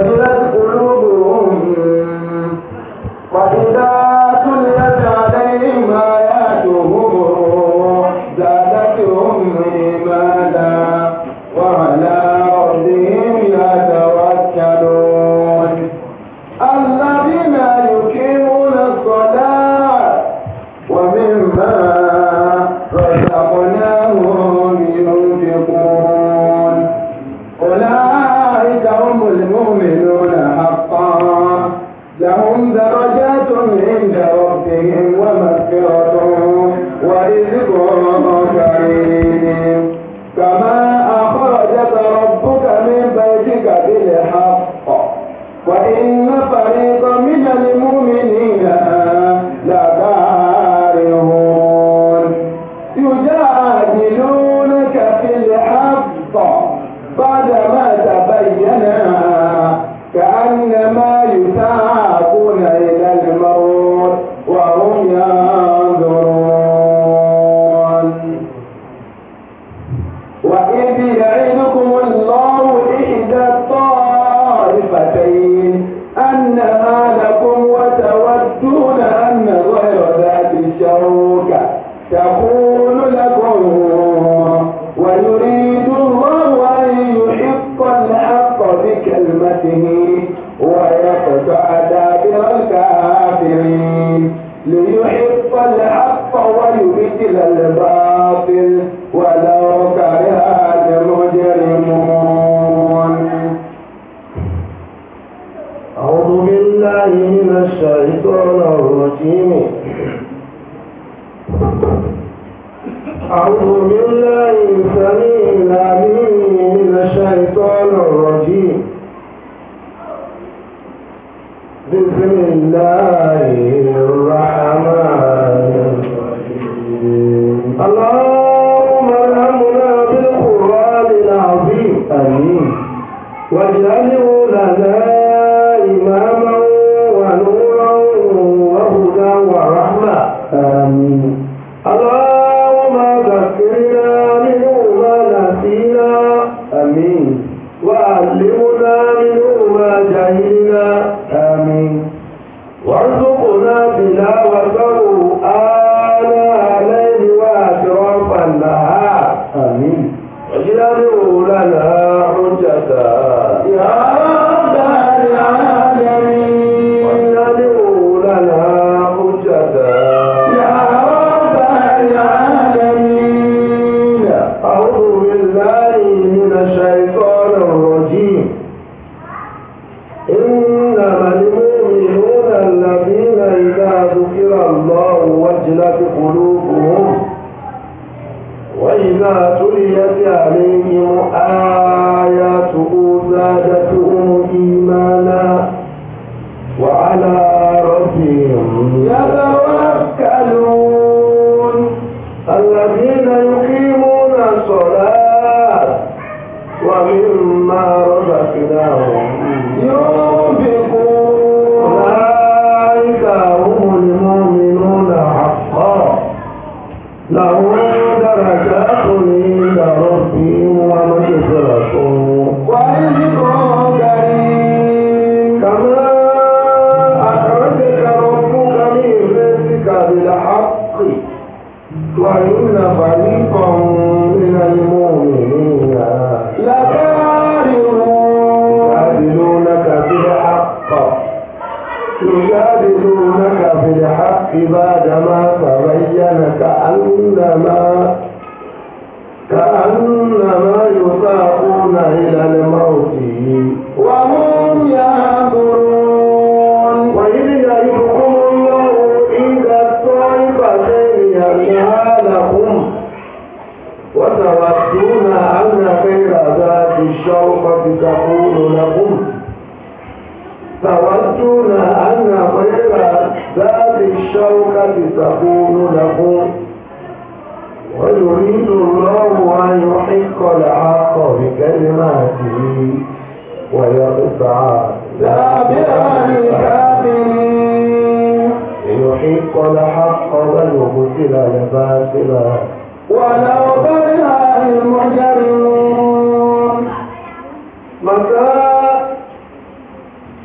وجلت قلوبهم وإذا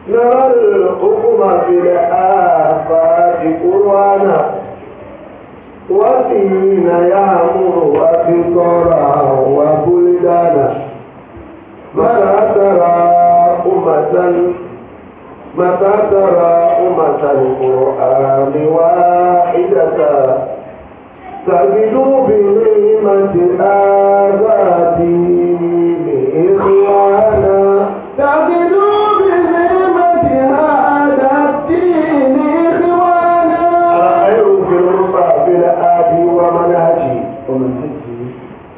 نرى الأمم في الآفات قرآنا وفينا يعمر وفطرا وبلدانا متى ترى أمة متى ترى أمة القرآن واحدة تجد بنعمة آفاته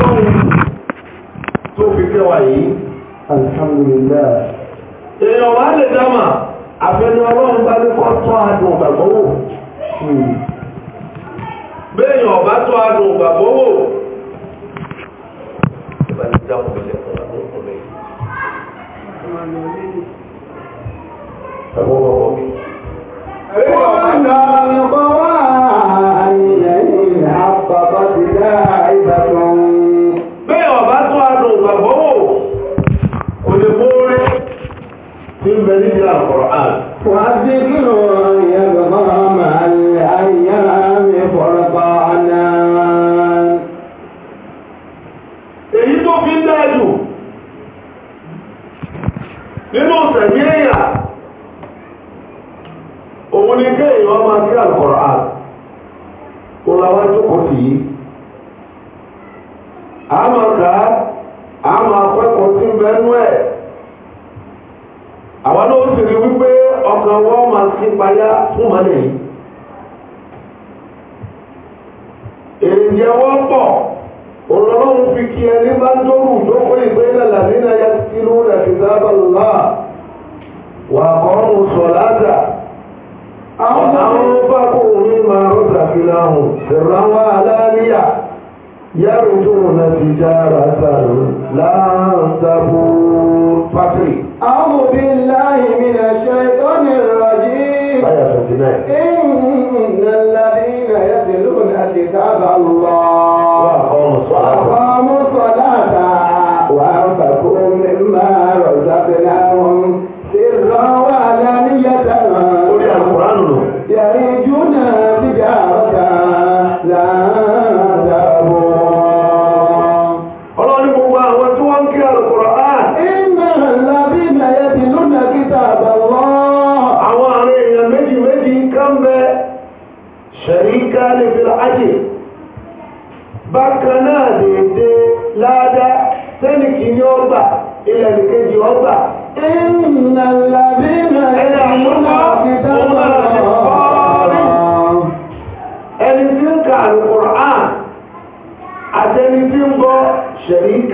ọlọ́run tó fi fẹ́ wà yìí alhamdulillah èèyàn wà lè dámà àfẹnu ọlọ́run bá lókọ́ tọ́ adùn ìgbàgbọ́wò hmm. béèyàn ọ̀bá tọ́ adùn ìgbàgbọ́wò Àwọn ọmọ mi. Àwọn ọmọ mi.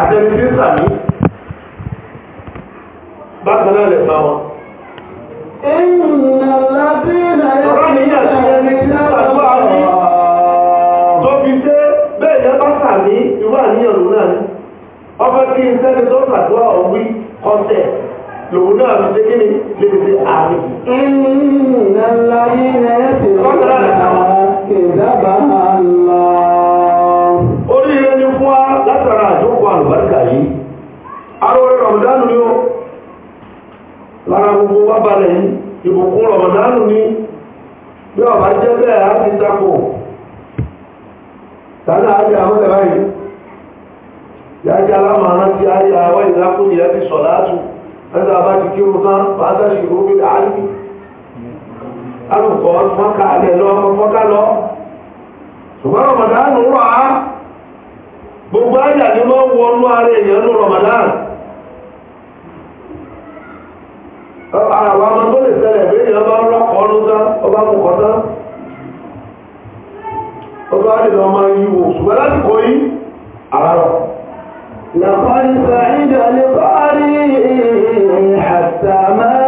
àtẹni tí ń sàmí bákan náà lè pa wọn ọba kí n sẹ́ni tó pàdúwà ọ̀wí kọ́tẹ̀ lòun náà fi ṣe kíni lè ṣe ààrẹ. ìrìnlẹ̀ láyé rẹ̀ ti rọ́nà àwọn ìdábàá àlùbáríkà yìí arówó rọ̀mọ̀dánù ni ó lára gbogbo wá balẹ̀ yìí ìbùkún rọ̀mọ̀dánù ni bí ọ̀bá jẹ́ bẹ́ẹ̀ á ti takò tánà á jẹ́ àwọn ẹ̀rá yìí yájá alámàrá ti ayé àwọn ìlákùnrin yẹn ti sọ̀ láàtù ẹ̀dá bá ti kírun tán bá dáṣì rúbí láàrín alùkọ́ mọ́ká lọ ṣùgbọ́n rọ̀mọ̀dánù rọ̀ á gbogbo ájà ni wọ́n wọnú ara èèyàn ní Ramadan ara wa máa tó lè ṣẹlẹ̀ bí èèyàn bá rọ́kọ̀ ọdún tán ọba mú kọ́ tán ọba àdìdọ̀ ọmọ yìí wò ṣùgbọ́n láti kọ́ yìí àárọ̀ لقد بعد لقارئ حتى ما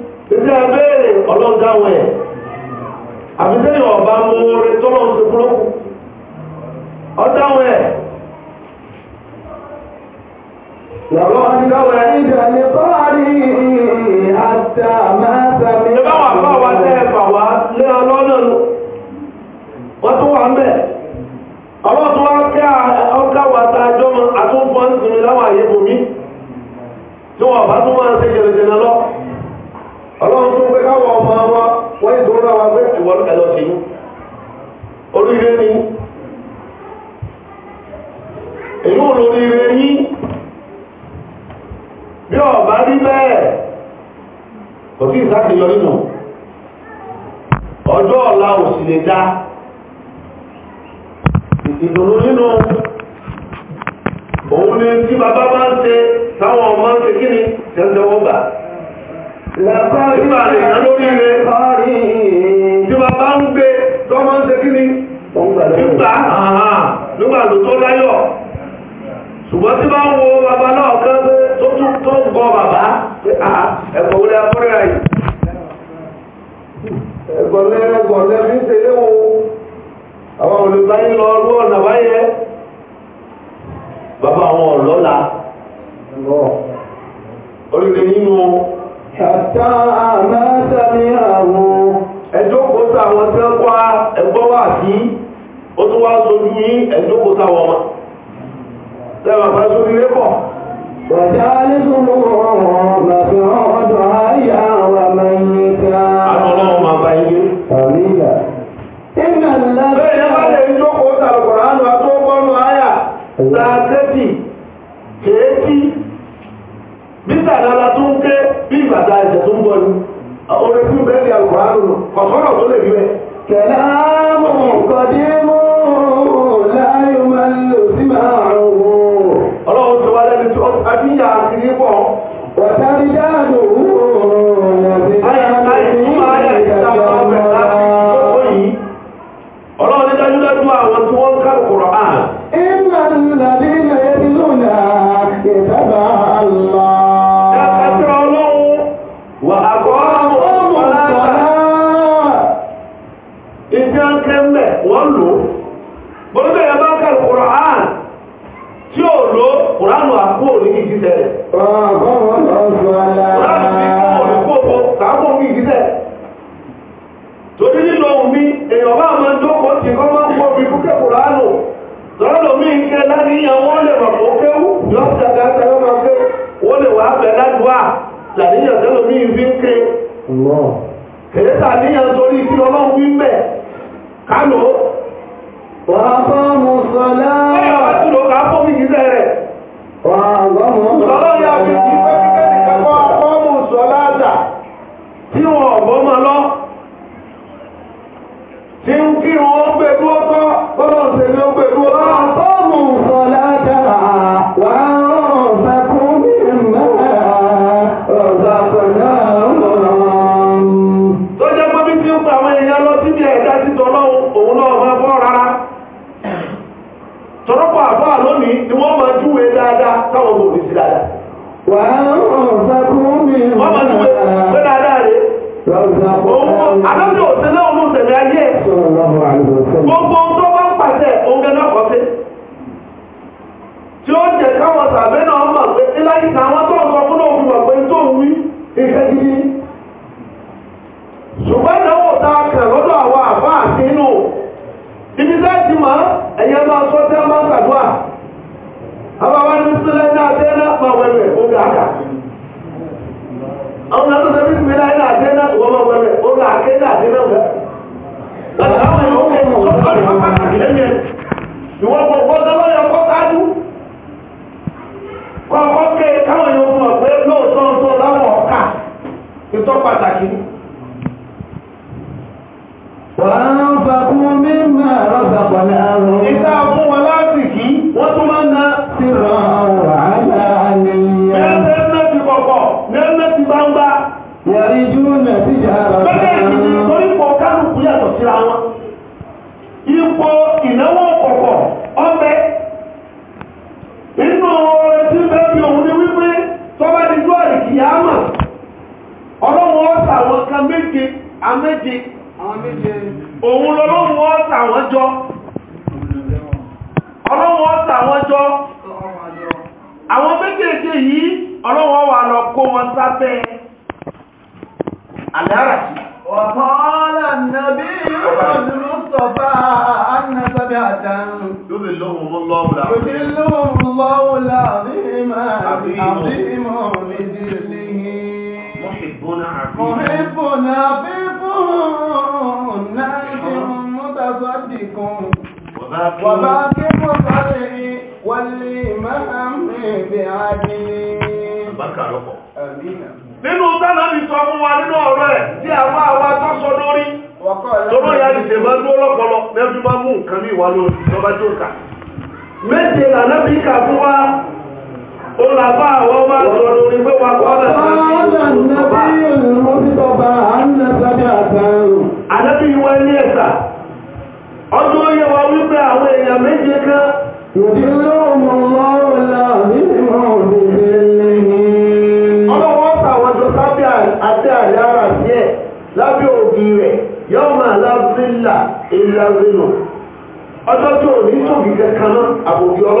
títí abẹ́rẹ́ ọlọ́dáwọ̀ ẹ̀ àbísẹ́yìn ọba mú orin tó lọ́n ti ọdáwọ̀ ẹ̀ lọ́wọ́ ti ẹ̀ ìjà ní bọ́ọ̀lì àtàmásàmì ẹgbẹ́ wà wá wa kí ọkà wà tá a jọ mọ́ àtúnfọ́ tí wọ́n bá tún máa ń lọ́wọ́ ọlọ́run tún pé káwọn ọmọ wa wọ́n yìí tó rà wá pé ìwọ ló kẹlọ sí oríire ni èyí ò lóríire yín bí ọba rí bẹ́ẹ̀ kò sí ìsáàkìyọ nínú ọjọ́ ọ̀la ò sì lè dá ìdùnnú nínú òun ni tí bàbá bá ń ṣe táwọn ọmọ ń ṣe kí ni tẹ́ńtẹ́wọ́ gbà Nígbà àrìyàn lórí rẹ̀, tí wọ́n bá ń gbé tọ́mọ́ ń ṣe kí ni? Nígbà àhàn, nígbà lò tó láyọ̀. Ṣùgbọ́n tí bá ń wo bàbá náà kẹ́ tó tún tó ń gọ bàbá, ẹ̀kọ́ wọlé abúrẹ́ àyè. Ẹ̀gọ̀lẹ́ ẹ̀gọ̀lẹ́ fi ń ṣe léwo, àwọn olùbáyé lọ rú ọ̀nà báyẹ. Bàbá àwọn ọ̀lọ́la, oríire nínú Ṣàtà àmásàmì àwọn ẹjọ́kòóta àwọn tí wọ́n wá ẹgbọ́ wà sí, ó tún wá sojú wọn ma. Lẹ́wà fẹ́ ní súnmọ́ ọ̀rọ̀ láti ọ̀dọ̀ ayé àwọn amẹ́yẹta. Àtọ́lọ́ máa bá yé. Àmìyà. a bá wọn ni orin fún bẹ́ẹ̀ ni àlùkò àrùn kọ̀sọ́rọ̀ tó lè rí bẹ́ẹ̀ tẹ̀lé gbogbo tó bá ń pàṣẹ òun gẹ́gẹ́ náà kọ́ sí. tó pàtàkì. nǹkan kan náà àbòbí ọlọ́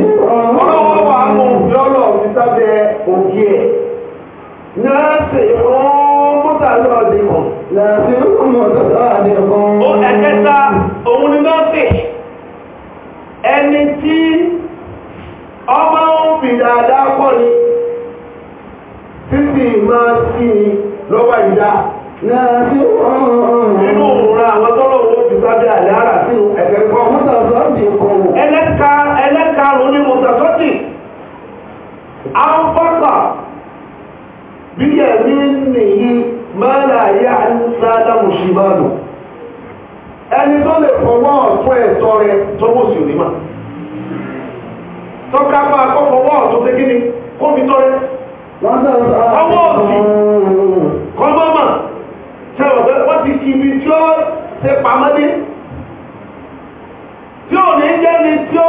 ọlọ́wọ́ wa mú lọ́lọ́ mi sábẹ́ òkè ẹ̀ náà sì fún mọ́tàlú ọ̀dẹ̀ kan. làásì fún mọ́tàlú ọ̀dẹ̀ kan. ó ẹ̀kẹta òun ni nọ́ọ̀sì ẹni tí ọmọ ń fi dáadáa pọ̀ ni títí máa sí ni lọ́wọ́ ìdá. làásì fún inú òmùra àwọn tọ́lọ̀ owó fi sábẹ́ àlẹ́ àrà sínú ẹlẹ́ka ẹlẹ́ka karùn-ún ní mọ̀tàsọ́tì àǹfàkà bí ẹ̀mí nìyí mẹ́rẹ̀ ayé àìsádà mùsùlùmánù ẹni tó lè fọwọ́ ọ̀tún ẹ̀tọ́ rẹ tó bó sì rí mà tọ́ka tí ó ní jẹ́ ni tí ó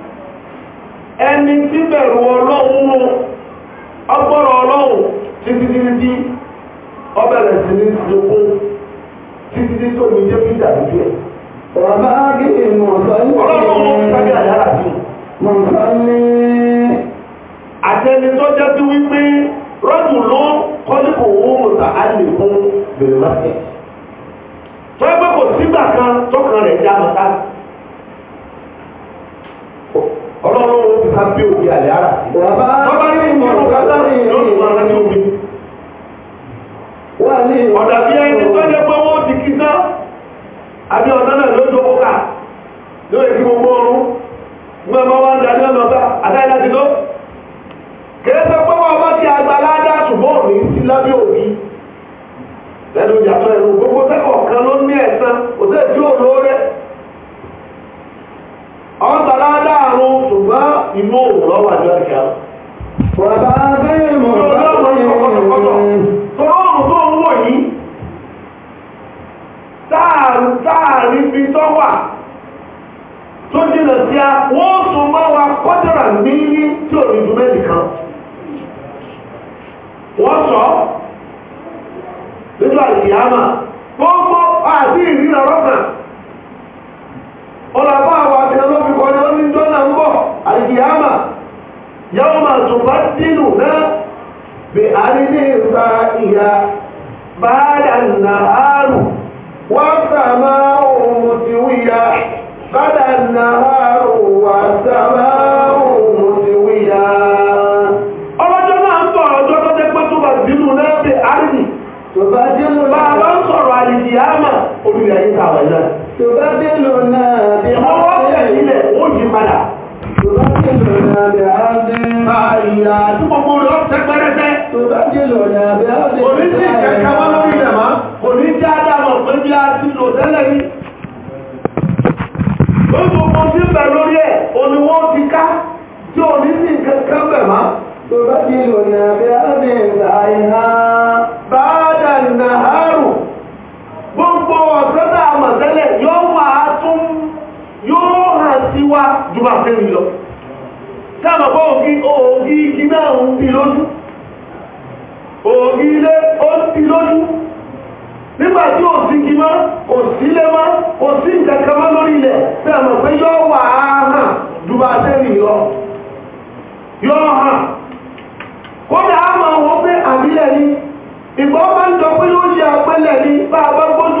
ẹ̀rù ọlọ́run mú ọgbọ́rọ̀ ọlọ́run títí títí tí ọbẹ̀rẹ̀ sí ní ìsìnkún títí tí tó ní jẹ́ pítà lójú ẹ̀ ọ̀rọ̀ agbègbè mọ̀sánlẹ̀ ọlọ́run mú sábẹ́ àyára sí mọ̀sánlẹ̀ àtẹni tó jẹ́ sí wípé rọ́ọ̀mù ló kọ́lípò owó mọ̀sá á lè fún bèrè mákẹ́ tó ẹgbẹ́ kò sígbà kan tó kan rẹ̀ já mọ̀sá ọlọ́run ká bí òbí àlẹ́ ara. Bàbá ní ìmọ̀ràn kátà ní ìlú ọ̀rọ̀ ní omi. Ọ̀dà bí ẹni tó jẹ́ pé ti kí sá. Àbí ọ àlìyámà gbogbo àti ìrìnà rọ́nà ọlọ́pàá àwọn àfihàn ló fi kọjọ́ ní jọ́nà ń bọ̀ àlìyámà yàwó máa tó bá dínú náà bè àrílé ìta ìyá bá dànà bá dànà àrù wà sàmà ilé ayé ta wà náà. Yorùbá bẹ́ẹ̀ lọ náà bí wọ́n wá bẹ̀rẹ̀ nílẹ̀ wọ́n yí padà. Yorùbá bẹ́ẹ̀ lọ náà bí a bẹ́ máa ìlà tí gbogbo rẹ̀ ọ̀sẹ̀ pẹ́rẹ́sẹ́. Yorùbá bẹ́ẹ̀ lọ náà bí a bẹ́ máa ìlà tí gbogbo rẹ̀ ọ̀sẹ̀ pẹ́rẹ́sẹ́. Òní tí a dá mọ̀ pé bí a ti lò tẹ́lẹ̀ ní. Gbogbo tí bẹ̀ lórí ẹ̀, òní wọ́n ti ká tí òní sì kankan bẹ̀ máa. Yorùbá bẹ́ẹ̀ lọ náà bí a bẹ́ máa ìlà tẹ́lẹ̀ yóò máa tún yóò hàn sí wa jùbà fẹ́mi lọ sáàmà bọ́ ògì ògì igi náà ń bí lójú ògì ilé ó ń bí lójú nígbà tí ò sí igi mọ́ ò sí ilé mọ́ ò sí ìkàkà mọ́ lórí ilẹ̀ sáàmà pé yóò wà hàn jùbà fẹ́mi lọ yóò hàn kódà á máa wọ́n pé àbílẹ̀ ni ìbọn máa ń dọ pé yóò ṣe àpẹlẹ̀ ni bá a bá gbójú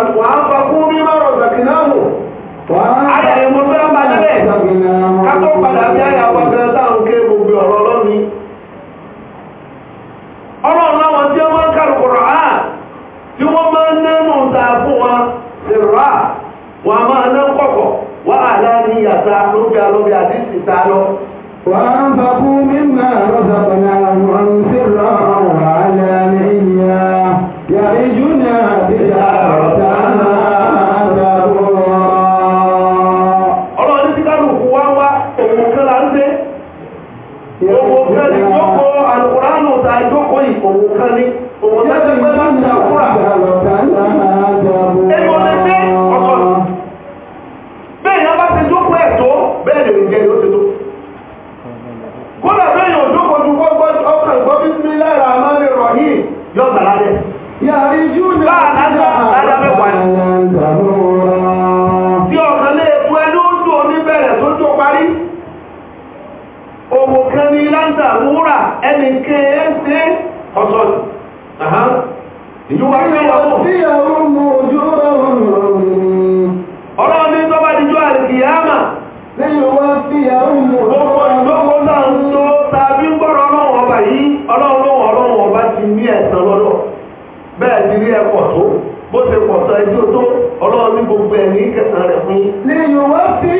وأنفقوا مما رزقناهم Ayà ni mo fẹ́ bá débẹ̀, ká tó padà bí ayà wa gẹ̀rẹ́ táwọn ké gbogbo ọ̀rọ̀ ọlọ́ni. Ọlọ́run láwọn tí ó máa ń kàrù kọ̀rọ̀ á, tí wọ́n máa ń nẹ́nu ta fún wa, ìrọ̀ á, wọ́n a máa ná kọ̀kọ̀, wọ́n à láàrin ìyàtà lóbi alóbi àdísì ta lọ. Wọ́n ń 我们看病。rẹ̀ tí ó tó ọlọ́run ní gbogbo ẹ̀mí kẹsàn-án rẹ̀ fún yín. lè yòówá fi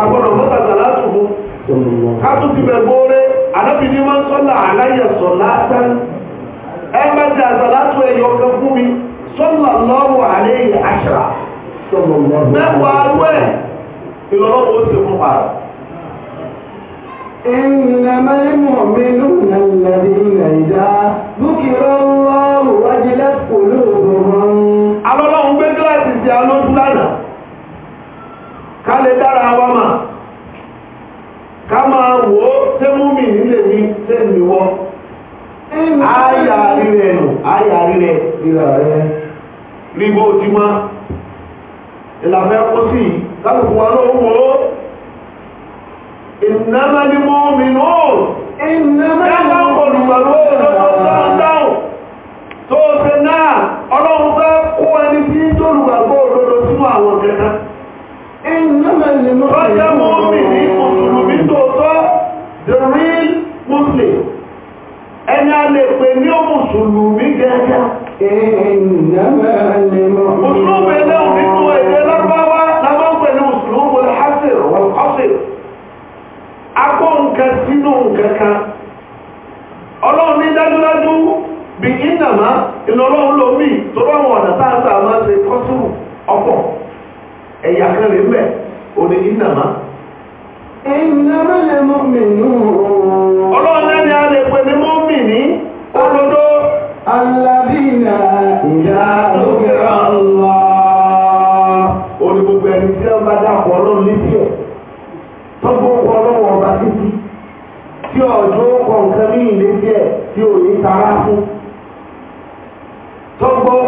àgbọ̀dọ̀ mọ́tàtà látùmú kátó ti bẹ̀ gbóore ànábì ní máa ń sọ́là aláyà sọ̀lá tán ẹ má jẹ́ àsàlátù ẹ̀yọ kan fún mi sọ́là lọ́wọ́ àléyìn àṣà mẹ́wàá rú ẹ̀ ìlọ́wọ́ ó ti fún pa إنما المؤمنون الذين إذا ذكر ká lè dára wa mà ká máa wò ó tẹ́múmì nílé mi tẹ́mi wọ́ ayà rírẹ̀ nù ayà rírẹ̀ ìlà rẹ̀ rí bó ti má ìlànà ẹ̀kọ́ sí kálukú wa ló wò ó ìnáná ni mo mi nù ó ìnáná ni mo mi nù ó tó ṣe náà ọlọ́run fẹ́ kó ẹni tí ń tó lùgbàgbọ́ òdodo sínú àwọn kẹta Rọ́jẹ́ mọ́mí ní Mùsùlùmí tòótọ́, the real Muslim. Ẹni a lè pè ní Mùsùlùmí gẹ́gẹ́. Mùsùlùmí lẹ́hùn nínú èdè lágbáwá lábọ́n pẹ̀lú Mùsùlùmí wọlé Hásìr wọ́n Hásìr. Akó nǹkan sínú nǹkan kan. Ọlọ́run ní dájúdájú bí ìnàmá ìlọ́lọ́run lómi tó rọrùn ọ̀nà táàtà máa ṣe kọ́sùrù ọ̀pọ̀ ẹ̀yà kan rẹ̀ o òní ìnàmá. ìnàmá lè mú mi nù. ọlọ́run náà ni a lè pè ní mú mi ní olódó. alábìnà ìyá lókè ọlọ. òní gbogbo ẹni tí wọn bá dàpọ̀ ọlọ́run létí ẹ̀ tọ́gbọ́n kọ ọlọ́run ọba títí tí ọ̀dọ́ kọ̀ọ̀kan ní ìlétí ẹ̀ tí ò ní tara fún. tọ́gbọ́n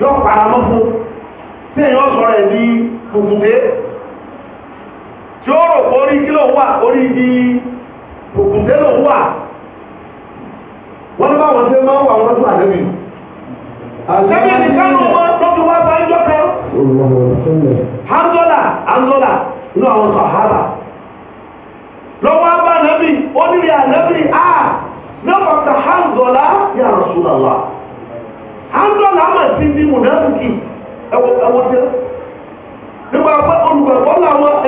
yóò para mọ́ fún tí èyàn sọ rẹ̀ ní kùkùté tí ó rò pé orí kí ló wà orí di kùkùté ló wà wọ́n bá wọn tẹ́ máa wà wọ́n tún àdébì àdébì nìkan ló wọ́n tó fi wá bá ìjọ kan hanzola hanzola inú àwọn sàhábà lọ́wọ́ bá nàbì ó nílé ànábì à náà pàtàkì hanzola ya Rasulullah àńdọ́là àmà sí ní mùnáfíkì ẹwọ́n tẹ́ nípa làwọn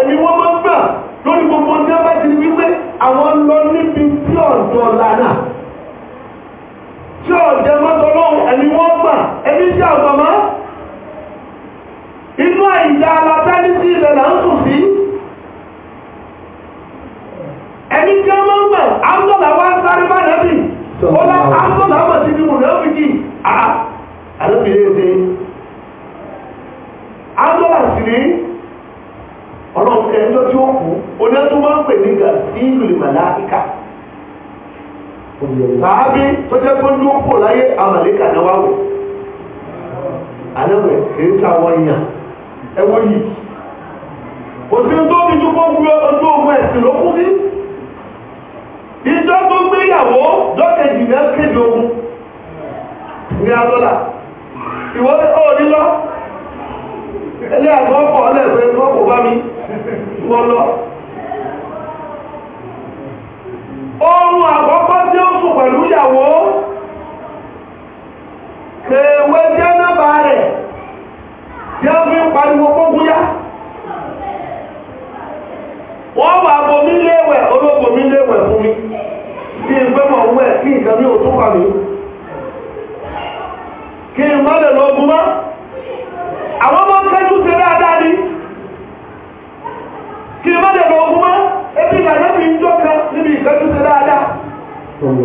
ẹ̀mí wọ́n máa gbà lórí gbogbo wípé àwọn lọ níbi tí ọ̀dọ̀ lànà tí wọ́n gbà tí àgbàmọ́ inú sí ilẹ̀ là ń sùn sí ẹni tí ń gbà àlóbìnrin ṣe agbára sí ní ọlọ́run ẹjọ́ tí ó kú oní tó máa ń pè ní gà sí ìlú màláíkà tàbí tó jẹ́ pé ní ó pò láyé àmàlíkà náà wáwò alẹ́wẹ̀ kìí sáwọn èèyàn ẹwọ́ yìí kò sí tó fi túbọ̀ gbé ojú ogun ẹ̀sìn ló kú sí ìjọ tó gbéyàwó lọ́kẹ̀jì mẹ́kẹ́jì ogun ní adọ́là ìwọ́n ó nílọ ilé àgbọ́ pọ̀ lẹ́gbẹ́ wọ́n kò bá mi wọ́n lọ oorun àkọ́kọ́ tí ó sùn pẹ̀lú ìyàwó kèèwé tí ó náà bá rẹ̀ tí ó fi ń pariwo kókúyá wọ́n wà bomi léwẹ̀ olóbomi léwẹ̀ fún mi bí ìgbẹ́mọ̀ wẹ̀ kí ìkẹ́mí ò tún pàmì kí n má lè lọ́gún mọ́ àwọn ọmọ kẹ́jú ṣe dáadáa ní kí n má lè lọ́gún mọ́ ebi ìdájọ́ mi ń jọ kan níbi ìkẹ́jú ṣe dáadáa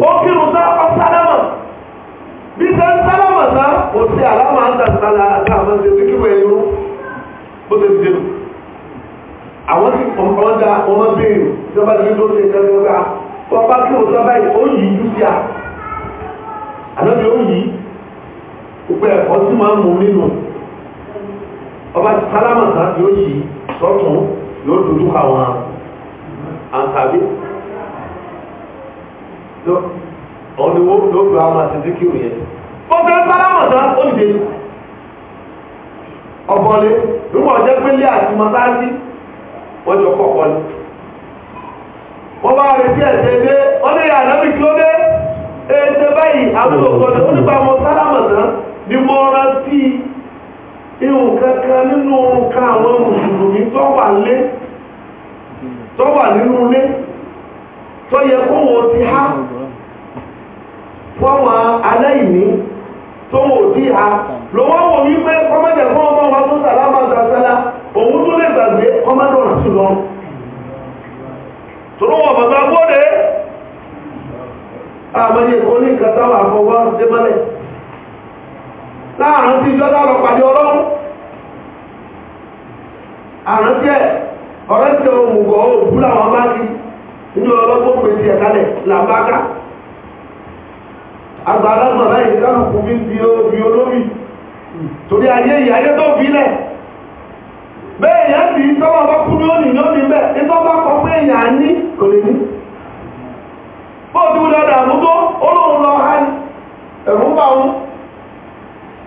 ó kírun sá ọ́sálámà bí sẹ́ ń sálámà sá kò sí àlámà ń dàgbàlá àtàwọn ṣe ti kíwọ̀ ẹ̀yìn bó ṣe ti dé àwọn tí ọmọ da ọmọ béèrè ó yìí gbogbo ẹ̀kọ́ tí máa ń mú nínú ọba ti sálámàtà yóò yí sọ́tún yóò dojú àwọn àǹtàbí ọ̀nìwó ló àwọn àtẹ̀síkì òun yẹn gbogbo sálámàtà ó dé ọ̀bọ̀lé nígbà ọjọ́ pélé àti mọ́sáàsì wọ́n jọ wọ́n bá ẹ̀sẹ̀ wọ́n ní kí dé báyìí ní bí mo rántí ihun kankan nínú ka àwọn mùsùlùmí tó wà wà nínú ilé tó yẹ kóhun ti há fọ́wọ́n aláìní tó wò tí ha lọ́wọ́ wò ní pé kọ́mọ́dé fún ọmọ tó sàlámà sàsálá òun tó lè gbàgbé ọ̀nà sí lọ láàrín tí ìjọ́ dáàrọ̀ pàdé ọlọ́run àrùn tí ẹ̀ ọ̀rẹ́ tí ó mùgọ̀ òbú làwọn bá ti nínú ọlọ́gbọ́n pè sí ẹ̀kálẹ̀ làbáká agbàlagbà láyé kálùkù bí bí olómi torí ayé yìí ayé tó fi lẹ̀ bẹ́ẹ̀ yẹn bí tọ́wọ́ bá kú ní òní ní òní bẹ́ẹ̀ ní tọ́wọ́ bá kọ́ pé èèyàn ní kò lè ní bóòdù dáadáa mú tó olóhùn lọ ha ẹ̀rù bá wọn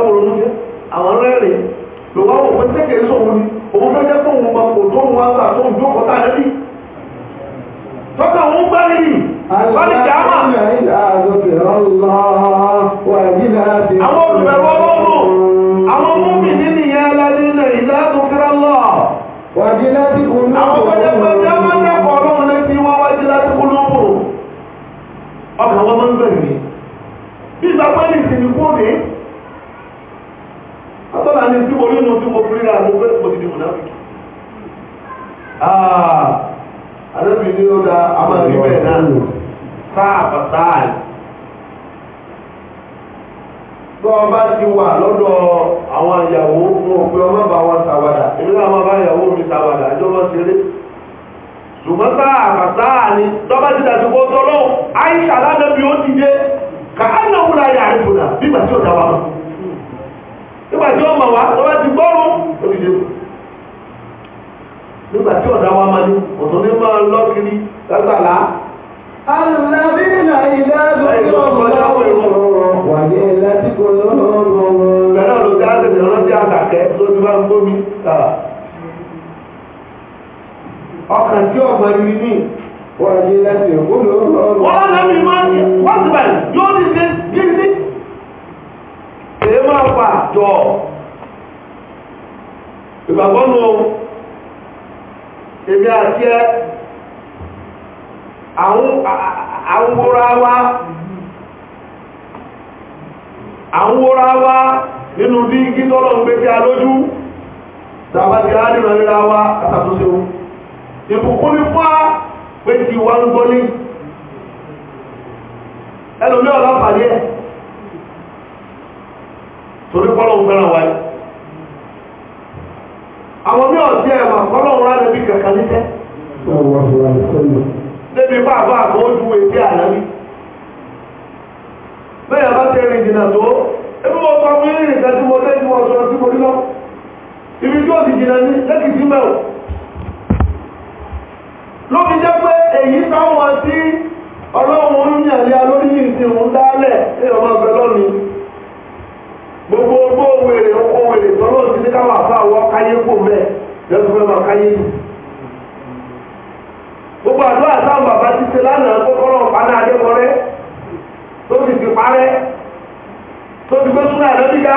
ẹwọ̀n oúnjẹ àwọn rẹ́rìn lọ́wọ́ òun tẹ́kẹ̀ẹ́ sóhun ni òun fẹ́ jẹ́ fóun ma kò tó wọn gbà tó ń jókòó tá lẹ́bí tọ́ka òun gbá nìyí lọ́dí jàmà àwọn olùbẹ̀wọ̀ lọ́rùn àwọn múmi nínú ìyẹn lálẹ́ ilẹ̀ ìlà tó kíra lọ àwọn tọ́jẹ́ pé jàmà jẹ́kọ̀ọ́ lọ́rùn lẹ́bí wọ́n wájú láti kúlóòpù ọkàn wọn máa ń bẹ̀rẹ̀ bí ìgbà pẹ́lú ìsinmi kúrò sọ́là ní tí mo nínú tí mo fi ríra ló fẹ́ mo ti di mùnáfíkì ah, àdébì ní ó da amáyé bẹ́ẹ̀ náà sáà pàtàkì tó o bá ti wà lọ́dọ̀ àwọn ìyàwó fún òpin ọmọ bá wọn ṣàwàdà èmi náà máa bá ìyàwó mi ṣàwàdà ìjọba ṣeré ṣùgbọ́n sáà pàtàkì ni tọ́ba ti dàtí kó tọ́lọ́ àìsàn lábẹ́bí ó ti dé kàánà wúlà yàrá ìbùdà bí màtí ò dáwà mọ́ nígbà tí ọmọ wa tó bá ti gbọ́rùn olùdíje nígbà tí ọ̀dà wa máa ní ọ̀tọ̀ ní máa lọ kiri lágbàlá. alábìnrin ìdá lórí ọ̀gbọ̀n láwọn ìwọ̀n wà ní láti kó lọ́rùn. bẹ́ẹ̀ ló dá tẹ̀lé ọlọ́dẹ àtàkẹ́ tó ti máa ń gbómi. Ah. ọkàn tí ọ̀gbọ̀n rí ní. wà ní láti kó lọ́rùn. wọ́n lọ́ má bà jọ ìgbàgbọ́ nu èmi àti ẹ wa nínú dígí tọ́lọ̀ ń gbé tí a tàbátí àtàtúnṣe ohun ìbùkún ní fún á pé ti torí kọ́lọ́hún fẹ́ràn wáyé àwọn mí ọ̀sí ẹ̀ mà kọ́lọ́hún rárẹ̀ bí kàkà níṣẹ́ débi bàbá àkọ́ ojú etí ànábì bẹ́ẹ̀ bá tẹ́rì ìdìnà tó ebi wọ́n sọ fún yìí ìtẹ́jú mo tẹ́jú wọ́n sọ sí mo nílọ ibi tí ó ti jìnà ní lẹ́kìtì mẹ́wọ̀ ló fi jẹ́ pé èyí táwọn sí ọlọ́run ń yàn lé alóríyìn sí òun dálẹ̀ ẹ̀yọ̀ máa bẹ̀ lọ́nìí gbogbo ọgbọ́ wèrè ọkọ̀ wèrè tọrọ ti ní káwọn àfa àwọ̀ káyé kò ma lẹ́nu fẹ́ máa káyé yìí. gbogbo àdó àtàwọn bàbá ti lánàá kọ́kọ́rọ́ tó ti fi parẹ́ tó ti gbé súnà àdébíga.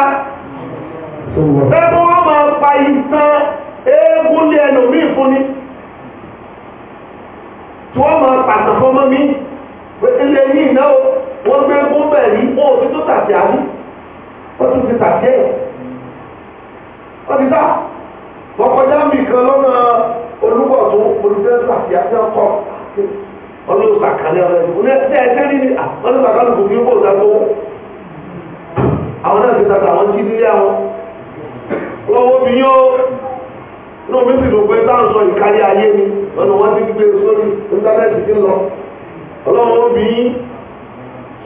wọn máa pa ìtàn mi ní ìnáwó wọ́n gbé tó tàbí ó ti ti tàṣẹ ó ti tà wọ́n kọjá mi kan lọ́nà olúbọ̀ tó olùdẹ́sà àti àti ọkọ̀ ọlọ́sà kàlẹ́ ọ̀rẹ́ ìfúnẹ́ ẹ̀ ẹ̀ tẹ́lẹ̀ ní ọlọ́sà kàlẹ́ kò fi ń bò dágbó àwọn náà ti tàtà àwọn jí nílé àwọn lọ́wọ́ mi yóò náà mi sì lò pé táǹsọ ìkárí ayé ni ọ̀nà wọn ti gbé sórí íńtánẹ́ẹ̀tì ti lọ ọlọ́wọ́ mi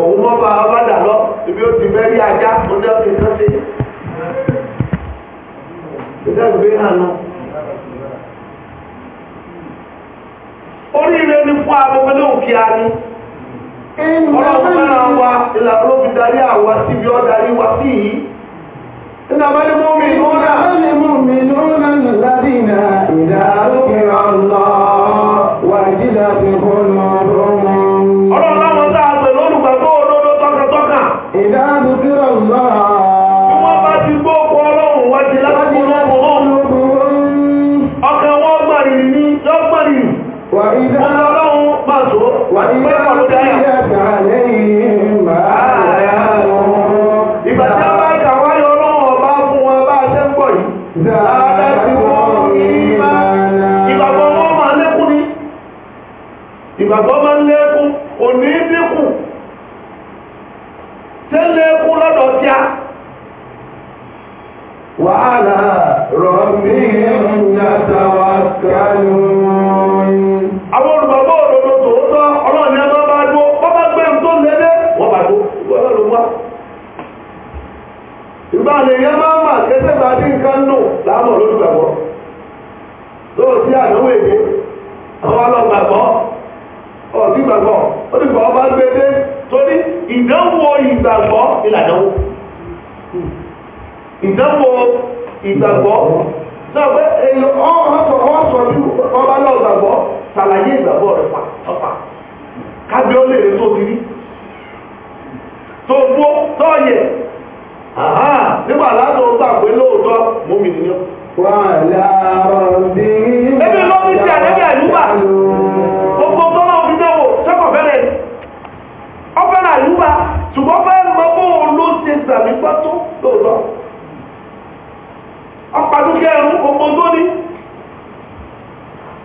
òun mọ́ bá ọba dà lọ ibi ó ti bẹ́ẹ̀ rí ajá ọjọ́ kẹta sí ìdá ìgbé hànú. oríire ni fún agbègbè òkè ani ọlọ́run fẹ́ràn wa ìlànà ló darí àwa síbi ó darí wa sí yìí. إنما المؤمنون الذين إذا ذكر الله وجلت قلوبهم وعلى ربهم يتوكلون àwọn olùgbàgbọ́ òdodo tòótọ́ ọlọ́run ni a máa bá dúó wọ́n bá gbé ohun tó lédé wọ́n bá dúó wọ́n ló wá ìgbà lèyàn máa ń mà kẹsẹ̀ bá dín nǹkan nù láàmú olùgbàgbọ́ lóòtí àdánwò èdè àwọn alọ́gbàgbọ́ ọ̀dí gbàgbọ́ ó ti gbà ọba gbé dé torí ìdánwò ìgbàgbọ́ ìlàdánwò ìdánwò ìgbàgbọ́ náà pé èèyàn ọ̀hún sọ wọ́n sọ bí ọba náà gbàgbọ́ ṣàlàyé ìgbàgbọ́ rẹ̀ pa ọ̀pá kábí ó lè tó bí tó bó tọ́yẹ̀ nígbà látọ̀ gbà pé lóòótọ́ mọ́mìnira. wà á láàárọ̀ bíi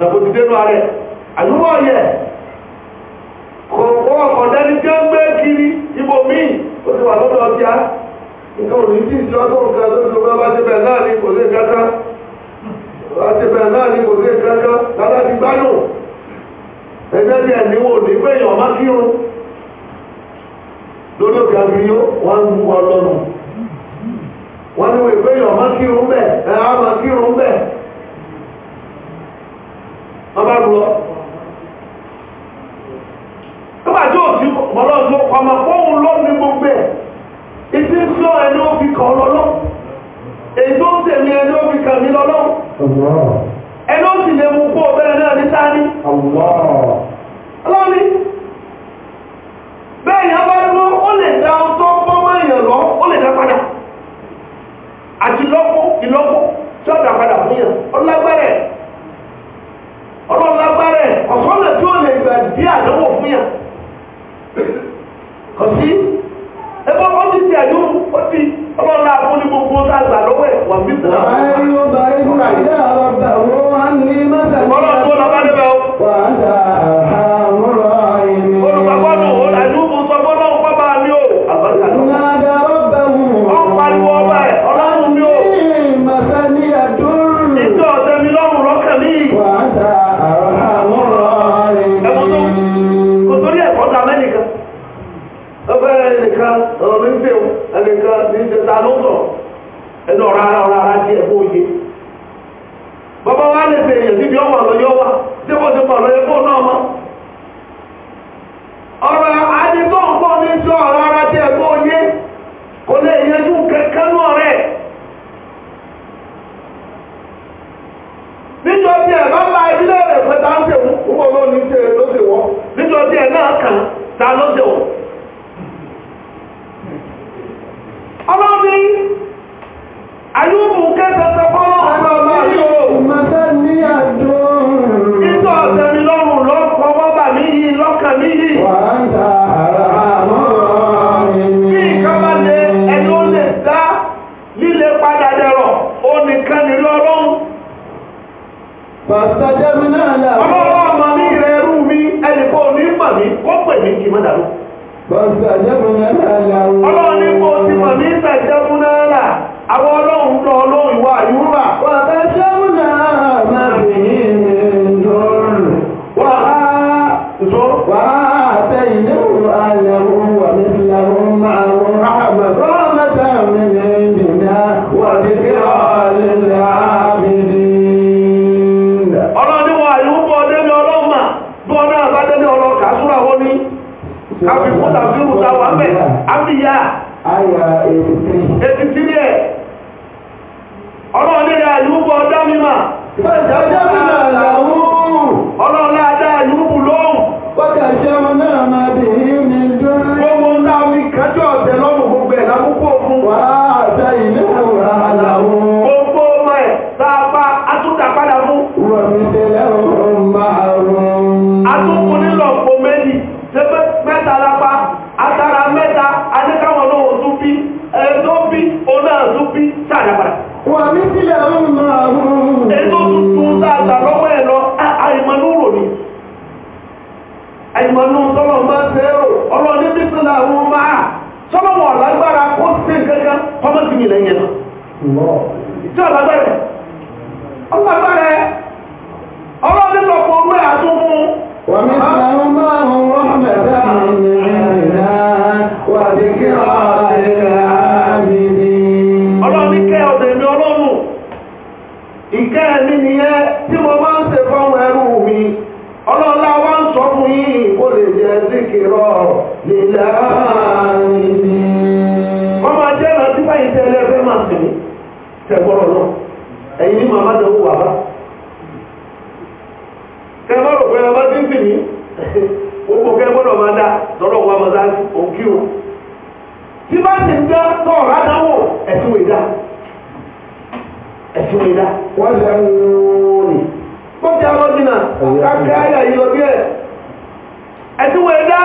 sàkójúdénú ààrẹ àyúwọ̀ yẹ kọ̀ọ̀kọ́ ọ̀dẹ́ni tí ó ń gbé kiri ibò míì ó ti wà lọ́dọ̀ ọjà nǹkan òní tí ìṣe ọdún nǹkan tó ti lọ́wọ́ bá ti bẹ̀rẹ̀ náà ní kò sí kankan bá ti bẹ̀rẹ̀ náà ní kò sí kankan lára ti gbádùn ẹgbẹ́ ti ẹ̀ níwò ní pé èèyàn má kírun lórí òkè àbíyó wọ́n ń wú ọlọ́run wọ́n ní wò kírun bẹ́ẹ̀ ẹ̀ á má kírun bẹ́ẹ̀ wọ́n bá rú lọ nígbà tí òsì ọlọ́run ló pamọ́ fóun ló ní gbogbo ẹ̀ ìdí ń sọ ẹni ó fi kàn lọ́lọ́ èyí tó ń tèmi ẹni ó fi kàn mí lọ́lọ́ ẹni ó sì lè mú kó bẹ́ẹ̀ náà ní sáni ọlọ́ni bẹ́ẹ̀ yẹn bá dúró ó lè dá ọtọ́ bọ́mọ èèyàn lọ ó lè dá padà àti lọ́pọ̀ ìlọ́pọ̀ tí ó dá padà fún yàn ó lágbára ọlọ́run lágbára ẹ̀ ọ̀sán lè tí ó lè gbà dí àdánwò fún yàn kò sí ẹgbẹ́ ó ti di ẹ̀yún ó ti ọlọ́run láàbò ní gbogbo tá a gbà lọ́wọ́ ẹ̀ wà mí tàn. ọlọ́run ẹnìkan ọ̀rọ̀ mi ń pè ó ẹnìkan ní ṣe ta ló sọ ẹni ọ̀rọ̀ ara ọ̀rọ̀ ara jẹ ẹ̀kọ́ òye bàbá wa lè ṣe èèyàn níbi ọmọ àlọ́yọ́ wa tí kò ti pàlọ́ ẹ̀kọ́ náà mọ́ ọ̀rọ̀ àdìgbọ́ nǹkan ní sọ ọ̀rọ̀ ara jẹ ẹ̀kọ́ òye kò lè yanjú kẹ̀kẹ́ nú ọ̀rẹ́ nítorí ẹ̀ bá bá ilé rẹ̀ ọlọ́bí ayúbù kẹsẹsẹ fọ́nà ọ̀rọ̀ ọba yóò mẹ́ta ní àjò ìtọ́ ọ̀sẹ̀mí lọ́rùn lọ́pọ̀ bá mi mi yìí wà ń ta ara mọ́ ní ìkọ́bálẹ̀ ẹni ó lè dá líle padà dẹ̀rọ̀ ó nìkan ní lọ́rùn Ọlọ́rọ̀ ọmọ mi rẹ̀ rú mi, ẹnìkan ò ní mọ̀ mi, pè mí kí mọ́ dàrú. Ọlọ́run ní kò ti mọ̀ ní ìtẹ̀jẹ́ múnára, àwọn ọlọ́run lọ ọlọ́run wà yúrà. Ètì sílẹ̀, ọlọ́run nílẹ̀ àyúbọ̀ ọdá mímà. Ìfẹ́ ìjọ́ mí lẹ́yìn lọ tí ọ̀lágbẹ̀rẹ̀ ọ̀lágbẹ̀rẹ̀ ọlọ́dún lọ fún ọgbẹ́ àtúnfún wọ́n mi sàrọ̀ tẹ̀gbọ́rọ̀ náà ẹ̀yin ní màmá dẹ̀ wù wàbá kẹgbọ́rọ̀ pé ọba tí ń pè ní gbogbo kẹgbọ́rọ̀ máa dá lọ́rọ̀ wa máa dá òkí o tí bá ti ń dá tọ́ọ̀rọ̀ adáwò ẹ̀sùn ìdá ẹ̀sùn ìdá wọ́n ṣe ń ní kọ́tí alọ́dínà kákẹ́ àyà yìí bí ẹ̀ ẹ̀sùn ìdá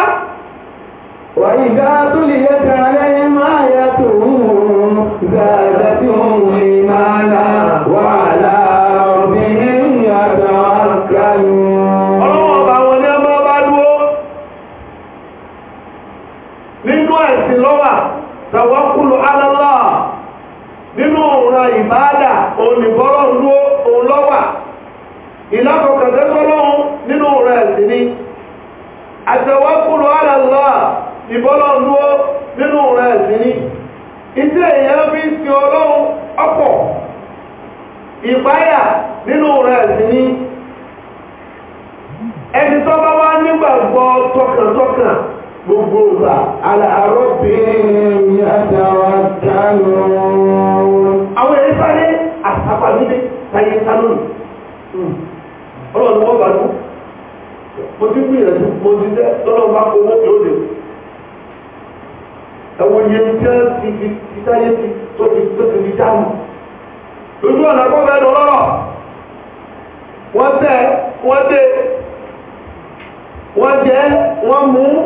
wàyí dáa tó lè yẹ kàrà lẹ́yìn máa yà tó ń wò ó ìlàkọ̀kẹ̀kẹ́ sọ́lọ́run nínú rẹ̀ sí ni àtẹ̀wọ́kùnrin alàlá ìbọ́lọ́dúó nínú rẹ̀ sí ni iṣẹ́ èèyàn fi ń sin ọlọ́run ọ̀pọ̀ ìpáyà nínú rẹ̀ sí ni ẹni tó bá wá nígbàgbọ́ tọkàntọkàn gbogbo ìgbà aláàrọ́bìnrin yàtàwà dánú ọlọ́run wọ́n bá dùn mo ti gbìyànjú mo ti jẹ́ lọ́lọ́run bá kó owó yóò lè ẹ̀wọ̀n yẹn jẹ́ ti fi táyé ti tó ti tó ti fi dáhùn lójú ọ̀nà kó fẹ́ lọ lọ́rọ̀ wọ́n tẹ̀ wọ́n dé wọ́n jẹ́ wọ́n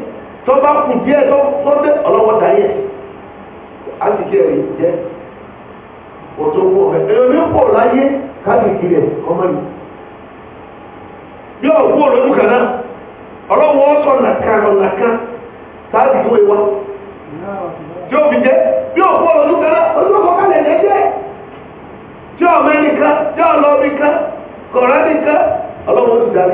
t'ọba bá kù díẹ̀ tó sọ́dẹ̀ ọlọ́wọ́ dáyẹ̀ á sì kí jẹ́ òtò pọ̀ rẹ̀ èmi pọ̀ láyé káàkiri rẹ̀ ọmọ yìí yóò kú olóòtú ọlọ́wọ́ ọ̀sọ̀ tó ewa tí ó fi jẹ́ yóò kú olóòtú kan náà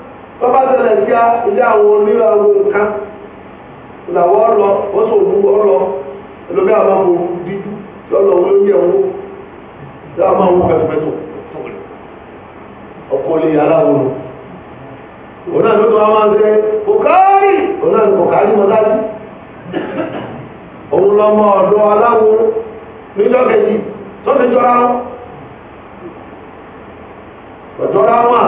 bàbá ṣẹlẹ̀ sí ilé àwọn onílé àwọn nǹkan ìlàwọ́ ọlọ oṣù òwú ọlọ ẹlòmí àwọn ọmọ dídú lọ́lọ́ owó ní ẹ̀wọ́ láwọn máa pẹ̀tùpẹ̀tù ọ̀pọ̀ lè yàrá wọn òun náà tó máa ṣe kòkárì òun náà kòkárì mọ́ dájú òun ọ̀dọ́ aláwo níjọ́ tó jọra wọn ọ̀jọ́ra wọn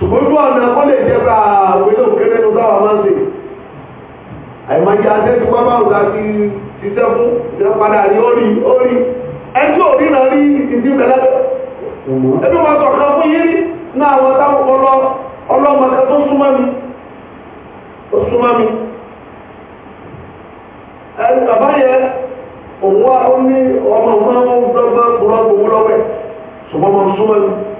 ṣùgbọ́n tó ọ̀nà kọ́ lè jẹ́ bá ah, àwọn ilé òkèrè tó dáwà máa ń sè àìmọ̀jì àtẹ́sí pápá òdà ti ṣiṣẹ́ fún orí orí ẹjọ́ orí náà rí ìdí mẹ́lẹ́dọ́ ẹbí wọn sọ kan fún yín ní àwọn táwọn ọlọ́mọdé tó súnmọ́ mi tó súnmọ́ mi ẹni bàbá òun wá ó ní ọmọ gbogbo lọ́wẹ́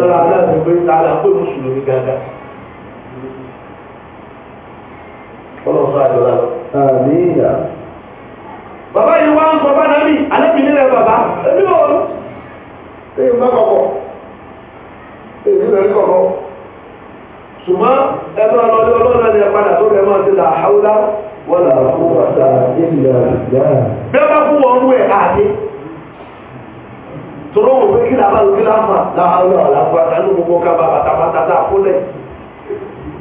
lọ́la bẹ́ẹ̀ ni pé tààlà pé mùsùlùmí gàgà. ọlọ́sọ àjọlá. àmìyà. bàbá yìí wá ń sọ bá nàbì alẹ́bí nílẹ̀ bàbá ẹbí ò ṣé ń bá kọ̀kọ̀ ṣé ń bẹ̀rẹ̀ kọ̀kọ̀ ṣùgbọ́n ẹgbẹ́ ọlọ́dún ọlọ́dún ẹ̀ padà tó máa ti là áwúlá wọ́n là á fún wàtà ìlà ìlà. kí làbá lókè láàmà láàárọ̀ àlàfo àtàlù gbogbo ká bá bàtà bàtà tá a kó lẹ̀.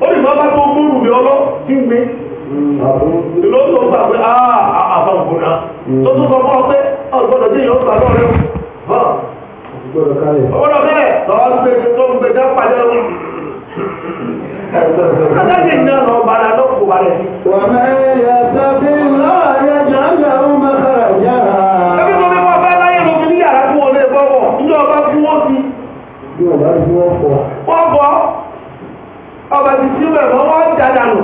ó lè má bá tó mi ọlọ́ tí ń gbé. tó gbà pé a àbá ògùnà tó tún sọ fún ọ pé ọ̀gbọ́dọ̀ tí yóò gbà lọ́rẹ́ o. ọ̀gbọ́dọ̀ kálẹ̀ lọ́wọ́ tó ń gbé jápàdé ọ̀hún. adájọ́ ìnáwó ọba wọ́n bọ́ ọba ti tí wẹ̀ mọ́ wọ́n dada nù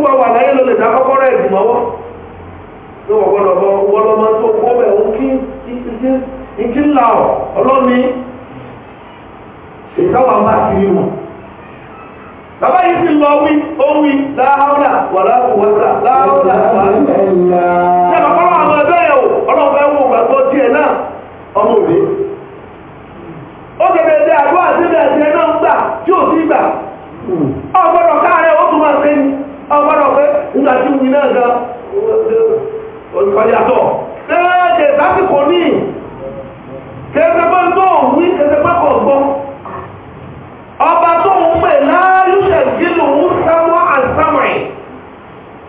wọ́n wà láyé ló lè dá kọ́kọ́rọ́ ẹ̀dùn mọ́wọ́ ló wọ́n gbọ́dọ̀ bọ́ wọ́n lọ máa tó kọ́ bẹ̀ ń kí ń kí ń la ọ̀ ọlọ́mi ìtawà ń bá kiri wọn. bàbá yìí ti lọ wí ó wí láhàúlà wà láhùwọ́sà láhàúlà wà láhùwọ́sà. ṣé bàbá wà lọ ẹgbẹ́ o ọlọ́run fẹ́ wò gbàgbọ́ díẹ̀ náà ọmọ òde ó bẹ̀rẹ̀ ẹ̀dẹ́ àgbọ́ àdébẹ̀ ẹ̀dẹ́ náà gbà tí ò sí gbà ọgbọ́dọ̀ káàrẹ ó tún máa pé ní ọgbọ́dọ̀ pé nígbà tí mi náà ga olùkọ́yàtọ̀ lẹ́ẹ̀dẹ̀ sásìkò ní kẹsẹ̀gbọ́ tó wí kẹsẹ̀gbọ́ kọ̀ gbọ́ ọba tó ń pè láàrúṣẹ̀ gílù ń sáwọ́ àìsàmì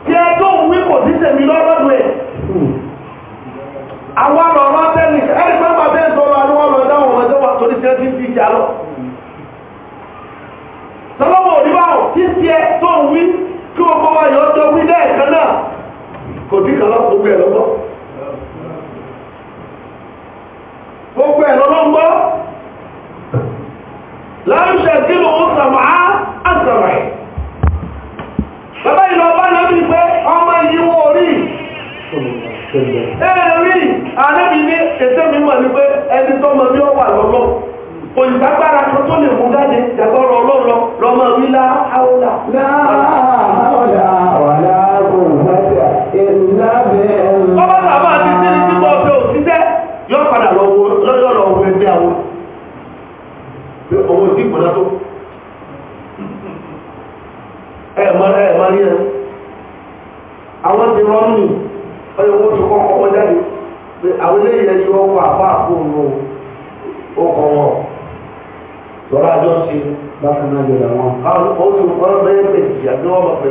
tí ẹ tó ń wí kò sí tèmi lọ́rọ́dún ẹ̀ àwọn ọ̀rọ̀ tẹ́lẹ̀ ẹ̀rí jà lọ tọ́lọ́mọ òdíbàwò tí tí ẹ tó ń wí kí wọ́n bọ́ wáyọ̀ ọjọ́ wí lẹ́ẹ̀kan náà kò dín kan lọ́pọ̀ gbogbo ẹ̀ lọ́gbọ́ gbogbo ẹ̀ lọ́lọ́gbọ́ láńṣẹ́ kí ló ń sàmà á àsàmà ẹ̀ bàbá ìlọ́bá náà bí pé ọmọ yíwọ orí ẹ̀rí àrẹ́bí ní ètẹ́mi wà ní pé ẹni tọ́mọ ní ọ lọ́lọ́ òyìnbágbára tó tó lè mú jáde ìjàgbọ́rọ̀ ọlọ́rọ̀ lọ́mọ wílá áwọ́lá láàárọ̀lá wàlá ààbòrò ìlàbẹ̀ ọmọ bàbá àti sílẹ̀ tí wọ́n fẹ́ òṣìṣẹ́ yọ padà lọ́yọ̀ lọ wọ ẹgbẹ́ àwọn owó tí ìgbóná tó ẹ̀ mọ́ra ẹ̀ mọ́rí ẹ̀ àwọn ti rọ́ nù ọyọ owó tó kọ́kọ́ wọ́n jáde àwọn eléyìí àpò òun ọkọ̀ wọn tọ́lá àjọ ṣe bákan náà yọ̀dà wọn. Ah, ó sì wọ́n bẹ́ẹ̀ pè sí àbí wọ́n bọ̀ pé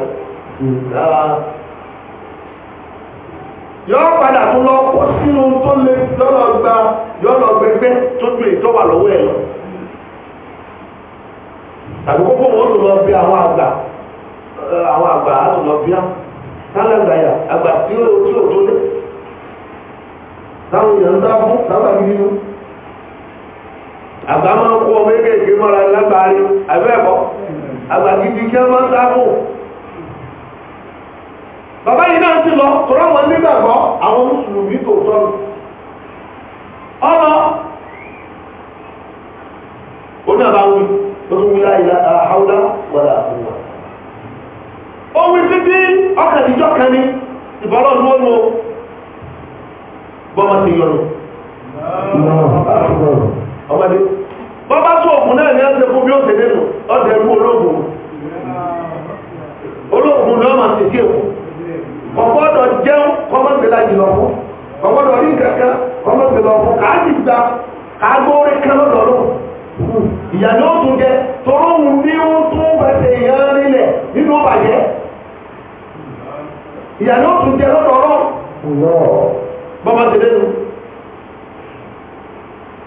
yọ́ padà tó lọ pọ̀ sínú tó lè lọ́lọ́ gba yọ́lọ́ gbẹgbẹ́ tó ju ètò wà lọ́wọ́ ẹ̀ lọ. tàbí kókó wọn tó lọ bí àwọn àgbà eh, àwọn àgbà á tó lọ bí á sálẹ̀ àgbà yà àgbà tí ó tó lé táwọn èèyàn ń dá fún sábà gidi àgbà máa ń kó ọmọ kéékèèké mọ́ra lágbàárí àbẹ́ẹ̀kọ́ àgbà gidi kí wọ́n máa ń sáfò bàbá yìí náà ti lọ tọ́rọ wọn nígbàgbọ́ àwọn mùsùlùmí tó tọ́nu ọmọ oníbàbáwí tó tún wílá ìlà àháúdá wọ́dà àfúnwà ohun tí bí ọkàdíjọ́ kan ní ìbọ́lọ́dún ó lọ bọ́mọ ti yọrù ọmọdé bọ́bá tó ògùn náà ní ẹ́sẹ̀ fún bí ó tẹ̀lé nù ọdẹ ẹrú ológun ológun náà máa tètè ẹ̀kú ọgbọ́dọ̀ jẹun kọ́mọ́gbẹ̀lá jùlọ fún ọgbọ́dọ̀ rí kankan kọ́mọ́gbẹ̀lá fún káàdì gba kágbóore kan lọ́dọọdún ìyà ni ó tún jẹ tóró wù ní ó tún fẹsẹ̀ ìyàn rílẹ̀ nínú bàjẹ́ ìyà ni ó tún jẹ lọ́dọọdún bọ́bá tẹ̀lé nù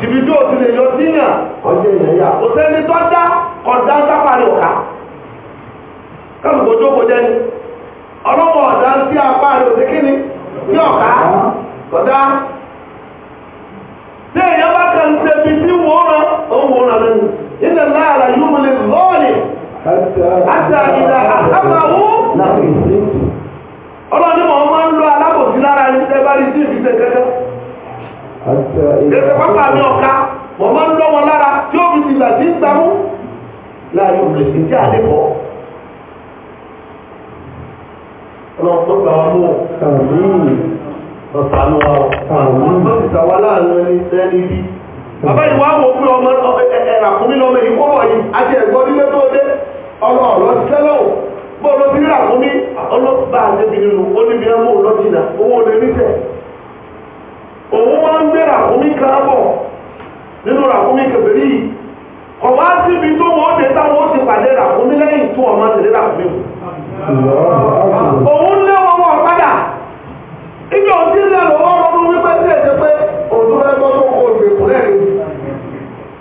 jìbìtì òsì lè yọ síyàn ọjọ́ ilẹ̀ yà kò sẹ́ni tó dá ọ̀dá sápàlì ọ̀ká kẹ́lùkòjó kò ni ọlọ́wọ́ ọ̀dá sí apáàlì òsì kíni sí ọ̀ká ọ̀dá tí èèyàn bá kàn ṣe bí tí wòóràn òun wòóràn lẹ́nu ilẹ̀ láàrá yóò mú lè lọ́ọ̀lì àti àìdá àtàkàwó ètò pápá mi ọ̀ka wọ́n máa ń lọ́ wọn lára tí ó fi ti gbà sí gbàmú láàyè òbílẹ̀sì tí a lè kọ́ ọlọ́pọ̀ gbà wọn mú ọ̀sánú wa ọ̀sánú wa láàrin ẹni sẹ́ni bí bàbá ìwà wò pé ọmọ ẹ̀ràkúnmí lọ́mọ ìkọ́wọ̀ yìí àti ẹ̀gbọ́n nígbẹ́ tó dé ọlọ́ ọ̀lọ́ sẹ́lọ̀ bọ́ọ̀lọ́ bí ràkúnmí ọlọ́pàá àti ẹ̀bìnrin olóbìnrin mú ọlọ́dínà owó olè níṣẹ́ òun wá ń gbé ràkúnmí kan bọ̀ nínú ràkúnmí kẹfẹ́rí yìí ọ̀wá síbi tó wọ́n dé táwọn ó ti pàdé ràkúnmí lẹ́yìn tó ọmọ tẹ̀lé ràkúnmí òun lé wọn wọ padà ibi òtí lè lọ́wọ́ ọdún wípé sí ẹ̀jẹ̀ pé fẹ́ tó kó ìgbè rẹ̀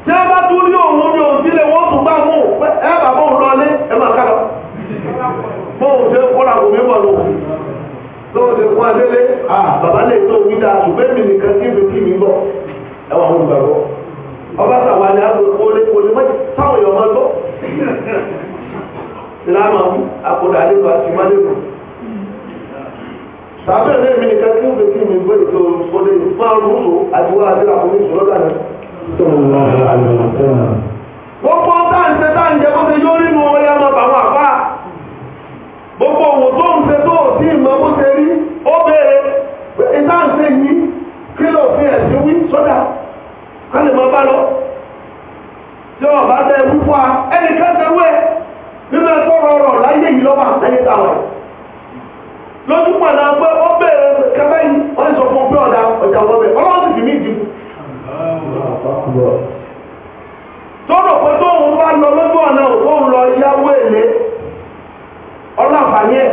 tí a bá tún rí òun wọ́n tún gbà mú ẹ bàbá òun lọ lọ́wọ́ lè fún adélé bàbá lè tó wí dáa ṣùgbọ́n mi nìkan kí mi kí mi bọ̀ ẹ wà fún ọba tàwa táwọn èèyàn máa gbọ́ ìlànà àlejò àti sàbẹ̀ nìkan mi kí mi gbé ètò fún àti wọ́n gbogbo ti ọmọ gbogbo òun tó ń ṣe tó sí ìmọ̀ bó rí ó bèèrè ìta ń ṣe yìí kí ló fi ẹ̀sìn wí sódà ká lè mọ bá lọ tí wọn bá tẹ ẹrú fún wa ẹnì kan ẹ nínú ẹ̀kọ́ rọrọ láyé yìí lọ́wọ́ àtẹ́yẹ táwọn lójú padà pé ó bèèrè kẹfẹ́ yìí wọ́n sọ fún pé ọ̀dà ọjà wọ́n bẹ̀ ọlọ́wọ́ sì fi mí jù tọ́rọ̀ pé tóun bá lọ lójú ọ̀nà òun lọ yáwó èlé ọlọ́àǹfààní ẹ̀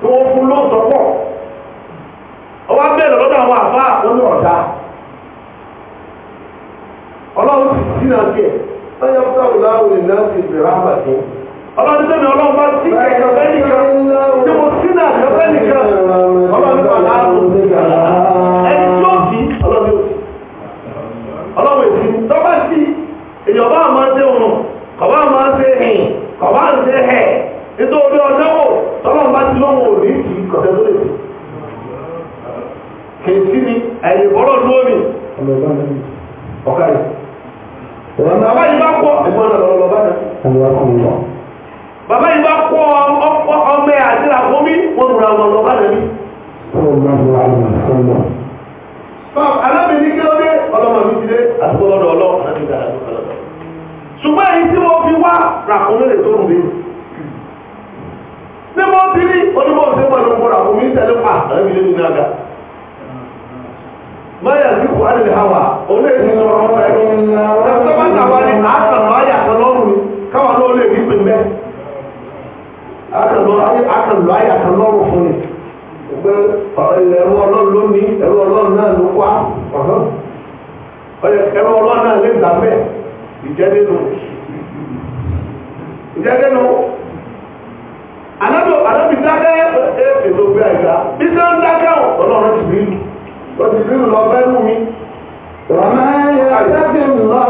tó wọ́n fún lóòótọ́ pọ̀ ọwọ́ abẹ́rẹ́ lọ́dọ̀ àwọn àbá àkóní ọ̀dà ọlọ́run ti dínà sí ẹ̀ lọ́yọ́ fún àwọn ìlàwọ̀ ìlà ti bẹ̀rẹ̀ àbàtì ọlọ́run tẹ́mi ọlọ́run bá sí ẹ̀kọ́ fẹ́ nìkan tí mo sí náà kẹfẹ́ nìkan bàbá yìí bá kọ́ ọmọ ẹ̀ àti àkómi wọn rà wọn lọ bá nàbí. alábìnrin kí ló dé ọlọ́mọ mi ti dé àtúbọ̀ lọ́dọ̀ ọlọ́run àti ìdá àtúbọ̀ lọ́dọ̀. ṣùgbọ́n èyí tí wọ́n fi wá ràkúnmí lè tó rùn ní mo ti rí onímọ̀ òsè pẹ̀lú ọkọ̀ ràkúnmí tẹ̀lé pa àbí lè nínú àga. máyà sí kùhánì lè hàwà òun lè ti sọ̀rọ̀ ọmọ rẹ̀ lọ àyà kan lọ́rùn fún mi pé ẹ̀rọ ọlọ́run ló ní ẹ̀rọ ọlọ́run náà ló wá ẹ̀rọ ọlọ́run náà lè gbà bẹ́ẹ̀ ìjẹ́dínú ìjẹ́dínú anábì anábì dákẹ́ ètò gbé àìsà bí sẹ́ ń dákẹ́ ọlọ́run ti bí lọ ti bí lọ bẹ́ẹ̀ lù mí. rọ̀mẹ́ yẹ àjẹ́bí ńlá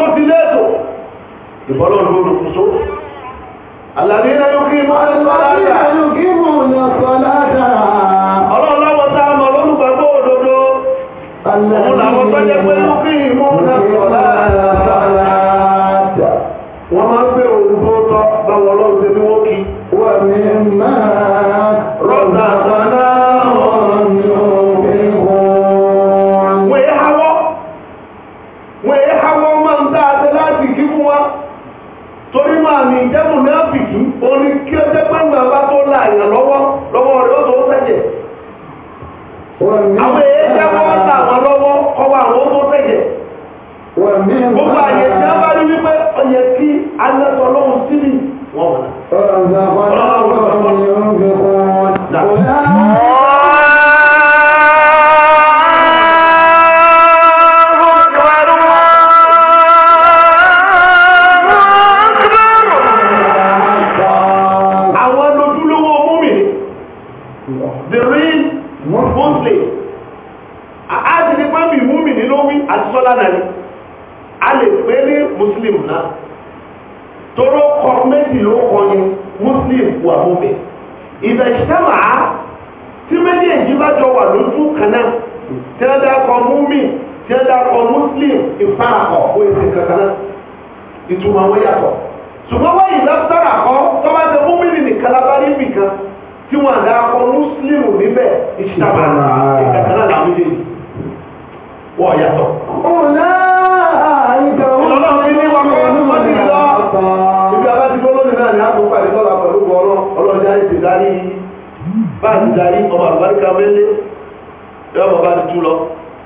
tó fi lẹ́ẹ̀tọ̀ ìbọ́lọ́rùn ló rùn tó alàdínà kí mọ́ alẹ́sọ́lájà ọlọ́ọ̀lọ́wọ́ sáà mọ̀ lórúkọ bá ti darí ọmọ àbáríkà mẹ́lẹ́ yọ ọmọ bá ti tú lọ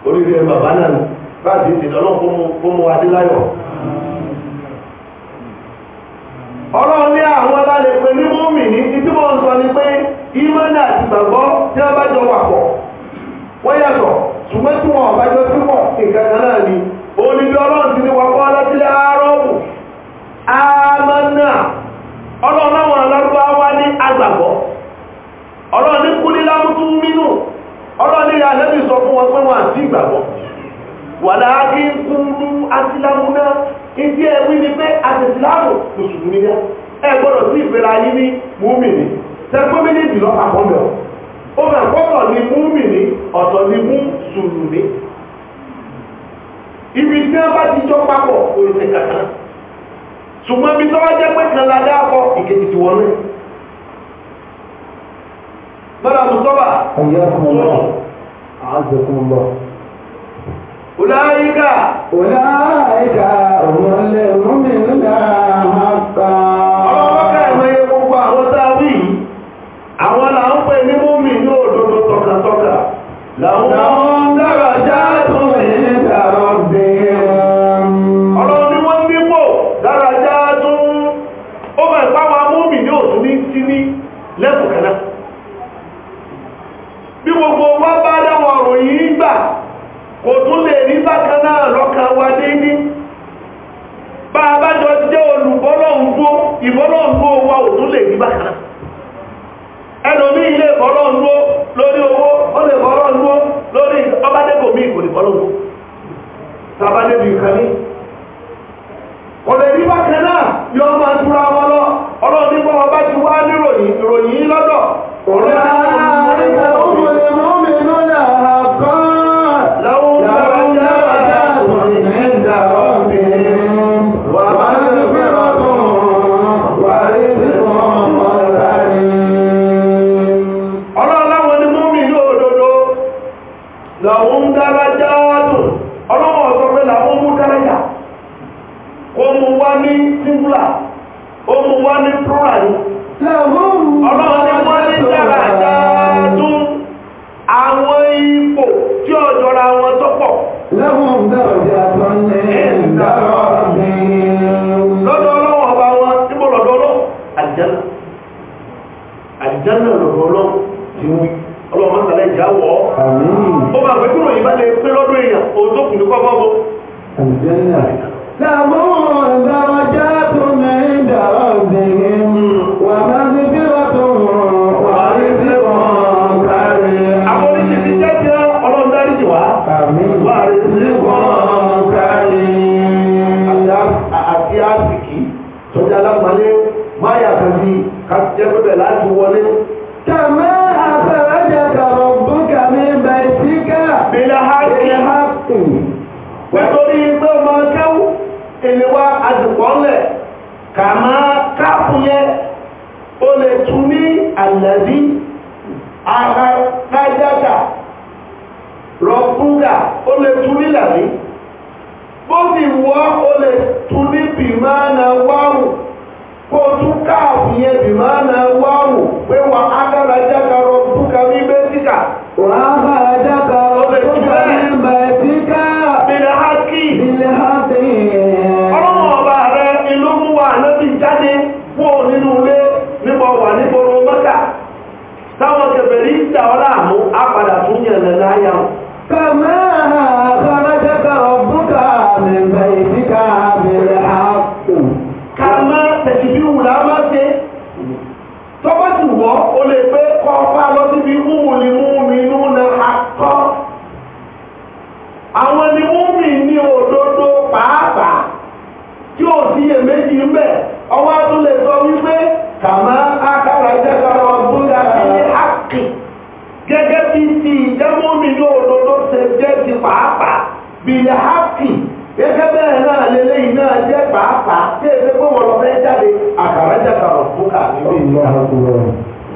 oríire bàbá náà ni bá ti ti lọ́lọ́ fún mu adéláyọ̀ ọlọ́run ní àwọn alálẹ̀ pé ní mọ́mì ní títí mọ́ sọ ni pé ìmọ̀nà àti gbàgbọ́ tí wọ́n bá jọ wà pọ̀ wọ́n yàtọ̀ ṣùgbọ́n tí wọ́n bá jọ sí pọ̀ nǹkan kan náà ni wàlá ní kúrú asìlámù náà ìdí ẹ̀wí ni pé àtẹ̀sìlámù mùsùlùmí náà ẹ gbọ́dọ̀ sí ìpera yí ní múmìnì tẹ́gbọ́n méjèèjì lọ àkọ́bẹ̀ ó fẹ́ pọ́pọ̀ ní múmìnì ọ̀tọ̀ ní mùsùlùmí ibi tí wọ́n bá ti jọ papọ̀ oríṣẹ́ kàkà ṣùgbọ́n ibi tí wọ́n jẹ́ pé kan ládá akọ ìkejì ti wọlé bọ́dà mùsọ́bà ọ̀yẹ́ fún ọlọ́run àájẹkùn ọlọ́run أولئك أولئك هم المؤمنون حقا ẹ̀dá lápàlẹ́ máyà kàbí kàbíjẹ́ pẹ́pẹ́ láti wọlé. kàmá àfẹ́rẹ́jà kàrọ̀ bùkà mi bẹ̀ síkà. bílá hákì hákì. pẹ̀tọ́rí pé ọmọ kẹ́wù èmi wá àdùpọ̀ ńlẹ̀ káàpù yẹn ó lè tún ní àlẹ́bí àkàkájáta rọ̀bùkà ó lè tún ní làbí bó ti wọ́ ó lè tún ní bìmánà wáwù kó tún káàfù yẹn bì máa na wá wò pé wà á dára jáka rọ búka ní bẹ́tíkà. wà á bá a jáka rọ búka ní bẹ́tíkà. bìlẹ̀ ha kì í. bìlẹ̀ ha kì í. ọlọ́run ọba rẹ ni ló mú wa lọ́bì jáde kó nínú ilé nípa wà nígboro mọ́kà. táwọn kẹfẹ́ ní ìjà ọlá àmú á padà tún yàn lẹ́láyà wọn. ọba lọ síbi múùlì múùmí inú na àkọ́ àwọn ni múùmí ní òdodo pàápàá tí ò sí iyèméjì ń bẹ̀ ọwọ́ tó lè sọ wípé kàmá akára ìjẹ́kọ̀ọ́ ọgbọ́n ní àkè gẹ́gẹ́ bí ti ìjẹ́múùmí ní òdodo ṣe jẹ́ ti pàápàá bìlẹ̀ àkè gẹ́gẹ́ bẹ́ẹ̀ náà lélẹ́yìn náà jẹ́ pàápàá tí èdè pé wọ́n lọ fẹ́ jáde àkàrà ìjẹ́kọ̀ọ́ ọgbọ́n kà níbi ìlú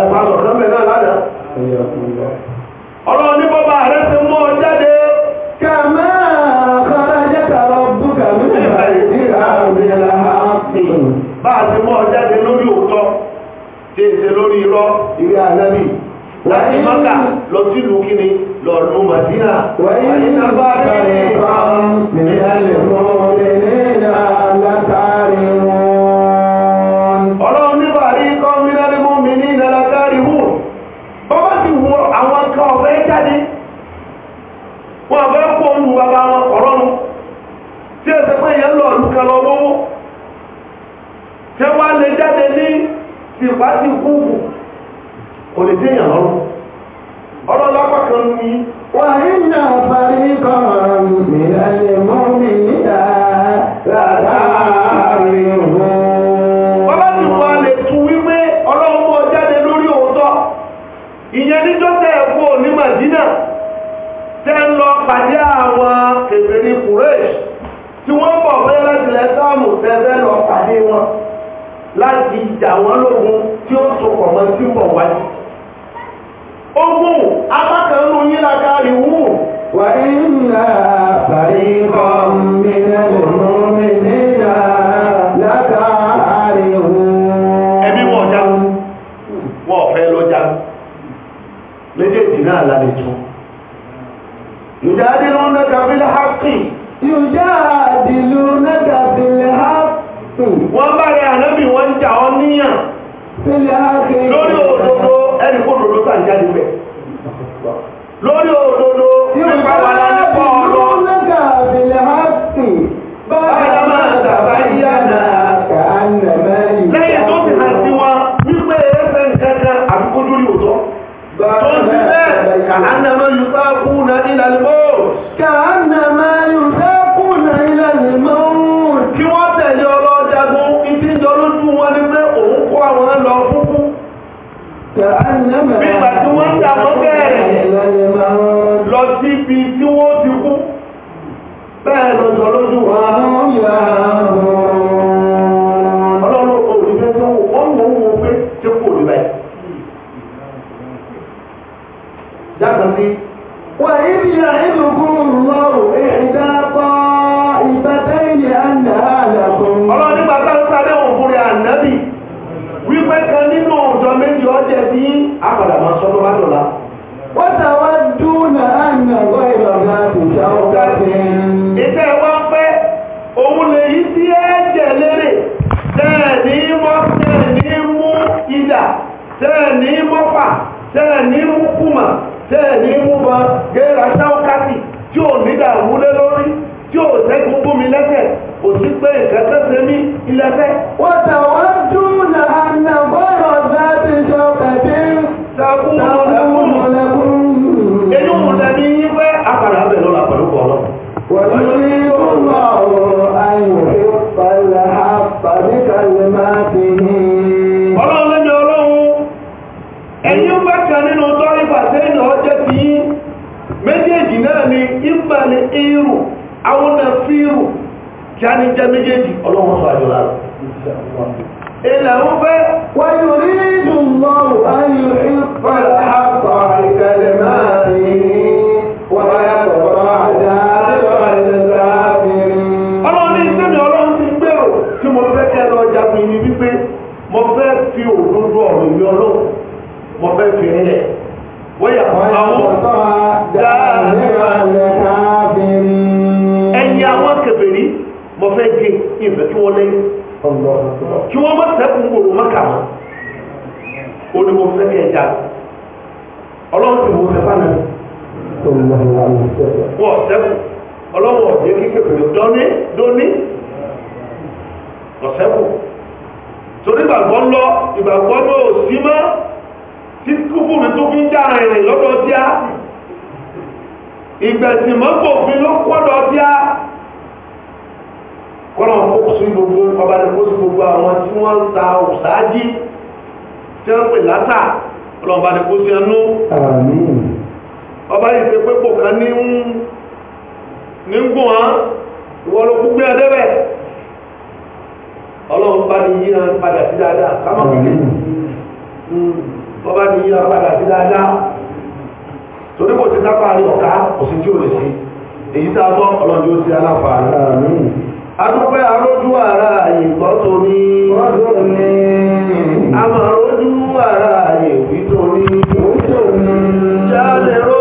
ẹ̀fà sọ̀rọ̀ mẹ́ náà lánàá ọ̀rọ̀ ní bọ́bá rẹ̀ ti mú ọ jáde kàmá àkọ́rẹ́jẹ́ta lọ búkà mílíọ̀nù ìdíra òmìnira àpì bá a ti mú ọ jáde lórí òótọ́ tí èsè lórí irọ́ ìrí ànábì láti mọ́kà lọ sí ìlú kíni lọ lù màdínà wáyé nígbà bá rẹ̀ ní ìbámu ní alẹ́ mọ́ ní ní ìlà látàrí kan lọ lówó tẹ́ wá lè jáde ní tìpátì kúùkù kò lè déyàn lọ́rùn ọlọ́lápá kan ní wà ní fẹ́fẹ́ lọ pàdé wọn láti jà wọ́n lógun tí ó sopọ̀ mọ́ sí pọ̀ wáyé ogun amákanú yí lákàrí wù wà nínú àbárí kọ́ mi lẹ́nu mi níyà lákàrí wù ẹbí wọ́n jáwọ́ wọ́n fẹ́ lọ jáwọ́ méjèèjì náà tẹ́ẹ̀ ní mú kùmà tẹ́ẹ̀ ní mú bọ gẹ́ra sáwọ́kátì tí ò ní dààmú lé lórí tí ò sẹ́gun bú mi lẹ́sẹ̀ kò sí pé ìkẹ́kẹ́ sẹ́mi ilẹ̀fẹ́ wọ́n tẹ̀ tí a ní jẹ́ méjèèjì ọlọ́wọ́n sọ àjọ lára ilẹ̀ ń fẹ́ wáyé orí ìdùn lọ́rùn ayò ìpàdà kí wọ́n má sẹ́kùn kòrò mọ́kà mọ́ ó ní mo fẹ́ kí ẹ já ọlọ́run ti mo fẹ́ fánà wọ́n sẹ́kùn ọlọ́run ọ̀dẹ́ kíkẹ́ pẹ̀lú dọ́ní dọ́ní ọ̀sẹ́kùn torí ìgbàgbọ́ lọ ìgbàgbọ́ lọ òsì mọ́ tí kúkú mi tó fi ń dára ìrìn lọ́dọ̀ díá ìgbẹ̀sìn mọ́kò fi ló kọ́dọ̀ díá kọ́nà kó sí gbogbo ọba ní kó sí gbogbo àwọn tí wọ́n ń ta òsáájí tí wọ́n pè látà ọlọ́ọ̀bá ní kó sí ẹnú ọba yìí ṣe pé kò kan ní ń gùn án ìwọ ló kú gbé ẹdẹ́bẹ̀ ọlọ́run bá ní yíra padà sí dáadáa kámọ̀ kìí hmm, ọba ní yíra padà sí dáadáa torí kò sí sápá rí ọ̀ká kò sí tí ò lè ṣe èyí tá a tọ́ ọlọ́run yóò sí aláfàá adúpẹ́ arójú ara ìgbọ́ torí amàrójú ara ìwí torí jálẹ̀